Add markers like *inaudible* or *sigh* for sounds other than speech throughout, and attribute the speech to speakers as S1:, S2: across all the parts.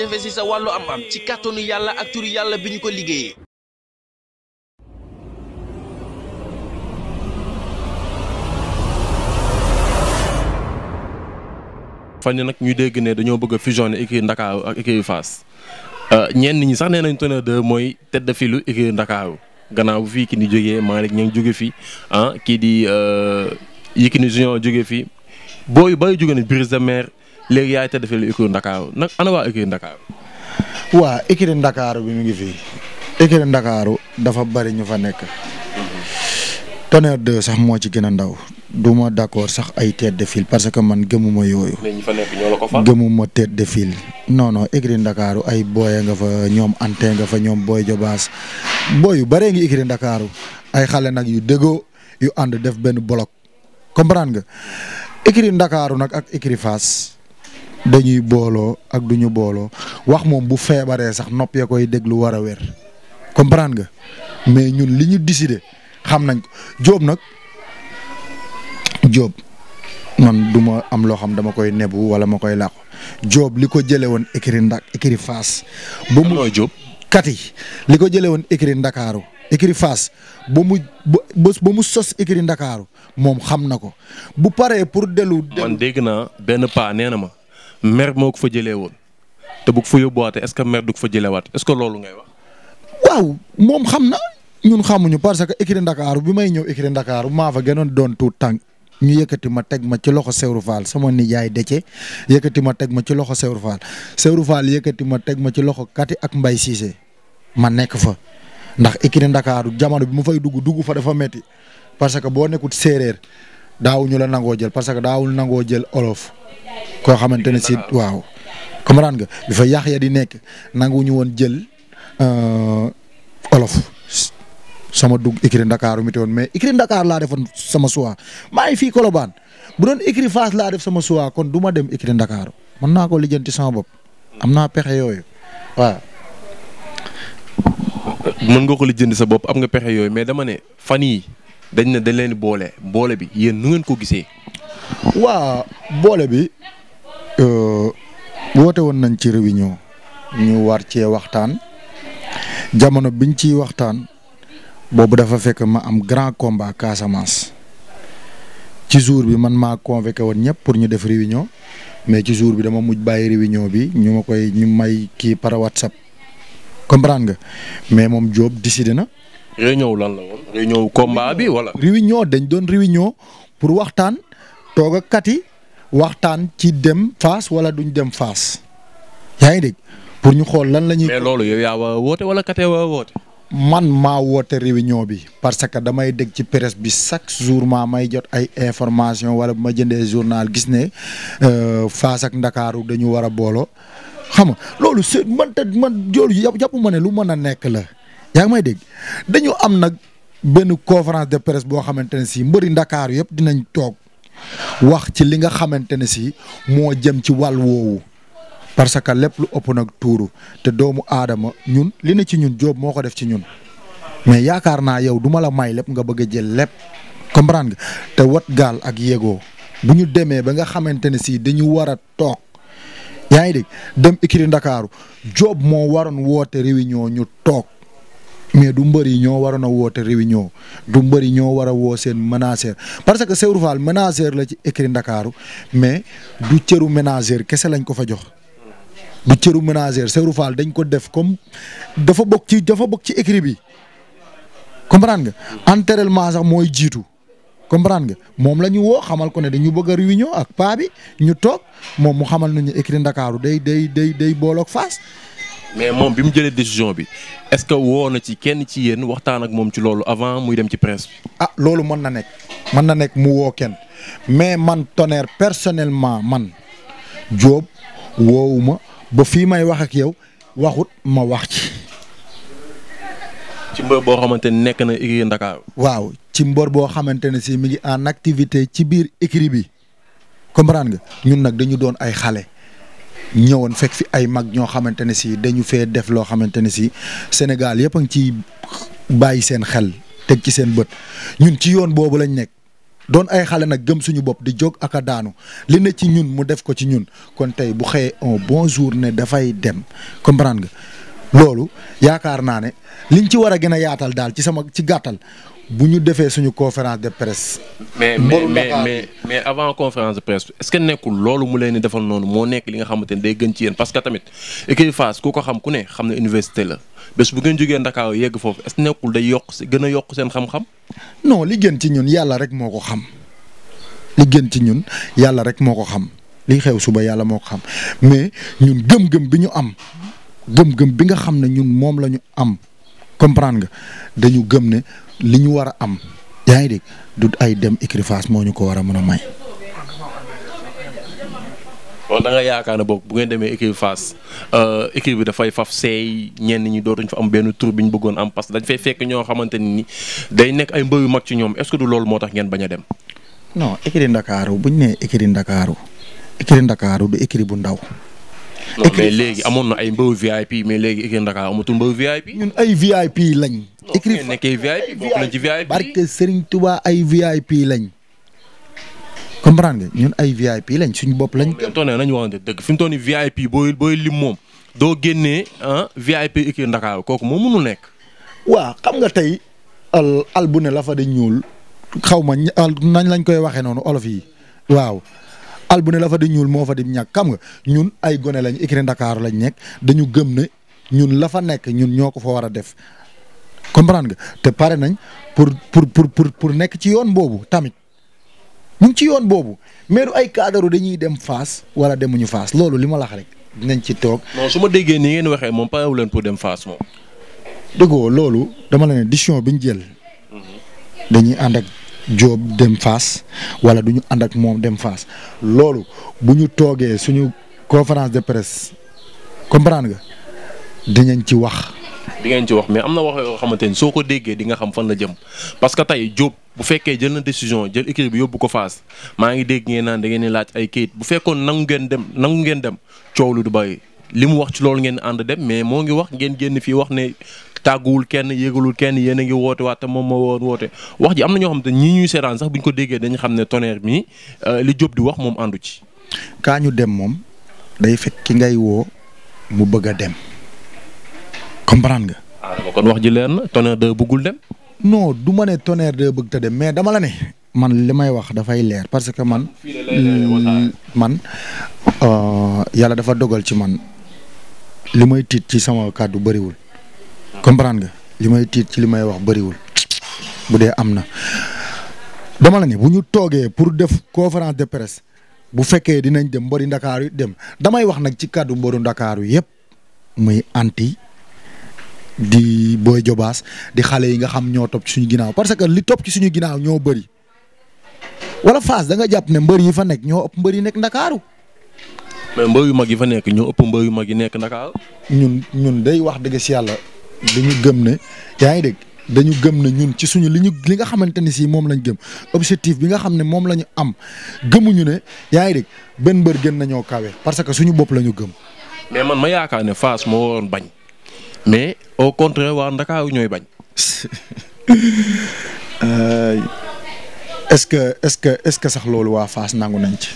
S1: jafe sa wàllu am ci kàttanu yàlla ak turu yàlla bi ko liggéeyee.
S2: fan yi nag ñu dégg ne dañoo bëgg a fusionner Ndakaaru ak écurie fas euh, ñenn ñi sax nee nañ Tonnerre 2 mooy tête de file écurie Ndakaaru gannaaw bu fii ki ni jógee Malick Niang jóge fi ah kii di euh, Yékini Junior jóge fii booy yu jóge ni brise de mer léegi yaay te defee lu écurie Ndakaaru ana waa écurie Ndakaaru.
S3: waa écurie Ndakaaru bi mu ngi fii écurie Ndakaaru dafa bari ñu fa nekk. Tonnerre de sax moo ci gën a ndaw du ma d'accord sax ay tête de file parce que man gëmuma yooyu. mais
S2: ñi fa nekk ñoo
S3: de file non non écurie Ndakaaru ay booya nga fa ñoom ante nga fa ñoom booy jobaas booy yu baree ngi écurie Ndakaaru ay xale nag yu déggoo yu ànd def benn bloc comprendre nga. écurie Ndakaaru nag ak écurie Fass dañuy booloo ak duñu booloo wax moom bu feebaree sax nopp ya koy déglu war a wér comprendre nga mais ñun li ñu décidé xam nañ jóob nag Diop man du ma am loo xam dama koy nebu wala ma koy làqu jóob li ko jëlee woon écurie Ndak écurie Fass. ba mu mooy Diop li ko jëlee woon écurie Ndakaaru écurie Fass ba mu ba ba mu sos écurie Ndakaaru moom xam na ko bu paree pour
S2: dellu. man dégg naa benn paa nee na ma mer moo ko fa jëlee woon te bu ko fa yóbbuwaatee est-ce mer du ko fa jëlewaat est-ce que loolu ngay wax.
S3: waaw moom xam na ñun xamuñu parce que écurie Ndakaaru bi may ñëw écurie Ndakaaru maa fa gënoon doon tuut tànk ñu yëkkati ma teg ma ci loxo Sewru sama nijaay Dece yëkkati ma teg ma ci loxo Sewru Fall Sewru ma teg ma ci loxo Kati ak Mbaye Cissé ma nekk fa. ndax écurie Ndakaaru jamono bi mu fay dugg dugg fa dafa metti parce que boo nekkut séeréer daawuñu la nangoo jël parce que daawul nangoo jël olof koo xamante ne si waaw. comprendre nga bi yàq ya di nekk nanguwuñu woon jël euh, olof sama dugg écurie Ndakaaru mi te woon mais écurie Ndakaar laa defoon sama choix maa ngi fii Colobane bu doon écurie Fass laa def sama choix kon du ma dem écurie Ndakaaru mën naa ko lijjanti sama bopp am naa pexe yooyu waaw.
S2: mën nga ko li jënd sa bopp am nga pexe yooyu mais dama ne fan yi dañ ne dañ leen boole boole bi yéen nu ngeen ko gisee.
S3: waa boole bi euh, woote woon nañ ci réunion ñu war cee waxtaan jamono biñ ciy waxtaan boobu dafa fekk ma am grand combat Casamance ci jour bi man maa convoqué woon ñëpp pour ñu def réunion mais ci jour bi dama mujj bàyyi réunion bi ñu ma koy ñu may kii par WhatsApp. comprendre nga mais moom Diop décidé na. réunion lan la woon réunion bi wala. réunion dañ doon réunion pour waxtaan tooga ak waxtaan ci dem Fass wala duñ dem Fass yaa ngi pour ñu xool lan la ñuy. mais
S2: loolu yow yaa wa woote wala kat waa woote.
S3: man maa woote réunion bi parce que damay dégg ci presse bi chaque jour maa may jot ay information wala bu ma jëndee journal gis ne euh, faas ak Ndakaaru dañu war a booloo. xam nga loolu c'est man te man ma ne lu mën a nekk la yaa dégg dañu am nag benn conférence de presse boo xamante ne sii mbëri ndakaaru yëpp dinañ toog wax ci li nga xamante ne si moo jëm ci wàll woowu parce que lépp lu ëpp nag tuuru te doomu aadama ñun li na ci ñun Jóob moo ko def ci ñun mais yaakaar naa yow duma la may lépp nga bëgg a jël lépp comprendre nga te wat gaal ak yégoo bu ñu demee ba nga xamante ne si dañu war a toog yaa ngi dégg dem écurie Ndakaaru Diop moo waroon woote réunion ñu toog mais du mbër ñoo waroon a woote réunion du mbëri ñoo war a woo seen manager parce que Seydou Fall manager la ci écurie Ndakaaru mais du cëru manager kese lañ ko fa jox. du cëru manager Seydou Fall dañ ko def comme dafa bokk ci dafa bokk ci écurie bi comprendre nga entraînement sax mooy jiitu. comprendre nga moom la ñu woo xamal ko ne dañu bëgg a réunion ak paa bi ñu toog moom mu xamal nañu écrit Ndakaaru day day day day booloog Fass.
S2: mais moom bi mu jëlee décision bi est-ce que woo na ci kenn ci yéen waxtaan ak moom ci loolu avant muy dem ci presse bi.
S3: ah loolu mën na nekk mën na nekk mu woo kenn mais man Tonnerre personnellement man Diop woowuma ba fii may wax ak yow waxut ma wax ci.
S2: ci mbër boo xamante nekk na écurie Ndakaaru
S3: waaw ci mbor boo xamante ne si mu ngi en activité ci biir écrit bi comprendre nga ñun nag dañu doon ay xale ñëwoon fekk fi ay mag ñoo xamante ne si dañu fee def loo xamante ne si Sénégal yëpp a ngi ciy bàyyi seen xel teg ci seen bët ñun ci yoon boobu lañ nekk doon ay xale nag gëm suñu bopp di jóg ak daanu li ne ci ñun mu def ko ci ñun kon tey bu xëyee un bon jour ne dafay dem comprendre nga. loolu yaakaar naa ne li liñ ci war a gën a yaatal daal ci sama ci gàttal bu ñu defee suñu conférence de presse.
S2: mais mais mais mais avant conférence de presse est nekkul loolu mu leen di defal noonu moo nekk li nga xamante ne day gën ci yéen parce que tamit équipe Fass ku ko xam ku ne xam ne université la bés bu ngeen jógee Ndakaaw yegg foofu est-ce que nekkul day yokk gën a yokk seen xam-xam.
S3: non li gën ci ñun yàlla rek moo ko xam li gën ci ñun yàlla rek moo ko xam li xew suba yàlla moo ko xam mais ñun gëm-gëm bi ñu am gëm-gëm bi nga xam ne ñun moom la ñu am. comprendre nga dañu gëm ne li ñu war a am yaa dégg du ay dem écurie moo ñu ko war a mën a may.
S2: kon da nga yaakaar ne boog bu ngeen demee écurie Fass euh, écurie bi dafay faf seey ñenn ñi dootuñ fa am benn tur bi ñu bëggoon am parce que dañ fay fekk ñoo xamante ni day nekk ay mbër yu mag ci ñoom est-ce que du loolu moo tax ngeen baña dem.
S3: non écurie Ndakaaru bu ñu nee écurie Ndakaaru écurie Ndakaaru du écurie bu ndaw.
S2: non mais léegi amoon na ay mbëw VIP mais léegi écurie Dakar amatul mbëw VIP.
S3: ñun ay VIP lañ.
S2: écurie Fass nekkee VIP bokk nañ ci VIP. barke
S3: Serigne Touba ay VIP lañ. comprendre nga ñun ay VIP lañ suñu bopp lañ.
S2: fi nañu waxante dëgg fi mu toll nii VIP booy booy lim moom doo génnee ah VIP écurie Dakar kooku moo mënul nekk.
S3: waa xam nga tey al al de ñuul xaw ma nañ lañ koy waxee noonu olof yi waaw al la fa di ñuul moo fa di ñàkk xam nga ñun ay gone lañ écurie Dakar lañ nekk dañu gëm ne ñun la fa nekk ñun ñoo ko fa war a def comprendre nga te pare nañ pour pour pour pour nekk ci yoon boobu tamit ñu ci yoon boobu mais du ay cadre dañuy dem faas wala demuñu faas loolu li ma la rek dinañ ci toog.
S2: non su ma déggee ni ngeen waxee moom parewu leen pour dem faas moom.
S3: dëggoo loolu dama la ne décision bi ñu jël. Mhm. dañuy ànd ak Diop dem Fass wala du ñu ànd ak moom dem Fass loolu bu ñu toogee suñu conférence de presse comprendre nga dinañ ci wax.
S2: di ngeen ci wax mais am na wax yoo xamante ni soo ko déggee di nga xam fan la jëm parce que tey Diop bu fekkee jël na décision jël équipe bi yóbbu ko Fass maa ngi dégg ngeen naan da ngeen di laaj ay kayit bu fekkoon nangu ngeen dem nangu ngeen dem coow lu du bàyyi li mu wax ci loolu ngeen ànd dem mais moo ngi wax ngeen génn fii wax ne tàgguwul kenn yéegalul kenn yéen a ngi woote waat te moom moo woon woote wax ji am na ñoo xam te ñi ñuy seetaan sax bu ñu ko déggee dañu xam ne Tonnerre mi euh, li Diop di wax moom àndu ci.
S3: kaa ñu dem moom day fekk ki ngay woo mu bëgg a
S2: dem comprendre nga. kon wax ji leer na Tonnerre 2 bëggul dem.
S3: non du ma ne Tonnerre 2 bëgg te dem mais dama la ne. man li may wax dafay leer parce que man man euh, yàlla dafa dogal ci man li may tiit ci sama kàddu bëriwul comprendre nga li may tiit ci li may wax bariwul bu dee am na dama la ni bu ñu toogee pour def conférence de press bu fekkee dinañ dem mbari ndakaar yu dem damay wax nag ci kàddu mbëru ndakaaru yu yëpp muy anti di booy jobaas di xale yi nga xam ñoo topp ci suñu ginnaaw parce que li topp ci suñu ginnaaw ñoo bëri wala fas da nga jàpp ne mbër yi fa nekk ñoo ëpp mbër yi nekk ndakaaru
S2: mais mbër yu mag yi fa nekk ñoo ëpp mbër yu mag yi nekk ndakaaru
S3: ñun ñun day wax dëgg si yàlla dañu gëm ne yaa ngi dégg dañu gëm na ñun ci suñu li ñu li nga xamante ni si moom lañ gëm objectif bi nga xam ne moom la ñu am gëmuñu ne yaa ngi dégg benn mbër gën nañoo kawe parce que suñu bopp la ñu gëm.
S2: mais man ma yaakaar ne Fass moo woon bañ mais o contraire waa Ndakaaru ñooy bañ.
S3: *laughs* Euh, est-ce que est-ce que est-ce que sax loolu waa Fass nangu nañ ci.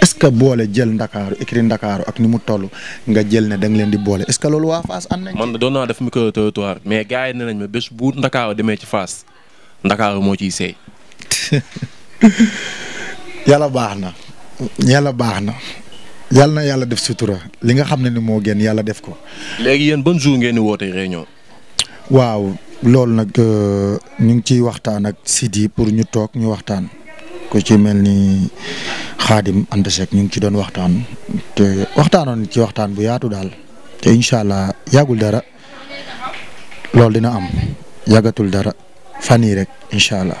S3: est-ce que boole jël ndakaaru écrit ndakaaru ak ni mu toll nga jël ne danga leen di boole est-ce que loolu waa Fass am nañ.
S2: man doon naa def micro trottoir mais gars yi nee nañ ma bés bu ndakaaru demee ci Fass ndakaaru moo ciy seey. *laughs*
S3: yàlla baax na yàlla baax na yàlla na yàlla def sutura li nga xam ne ni moo gën yàlla def ko.
S2: léegi yéen ba jour ngeen di woote réunion.
S3: waaw loolu nag euh, ñu ngi ciy waxtaan ak Sidi pour ñu toog ñu waxtaan. ku ci mel ni xaadim Anta Seck ñu ngi ci doon waxtaan te waxtaanoon ci waxtaan bu yaatu daal te incha allah yàggul dara loolu dina am yàggatul dara fan yii rek incha allah.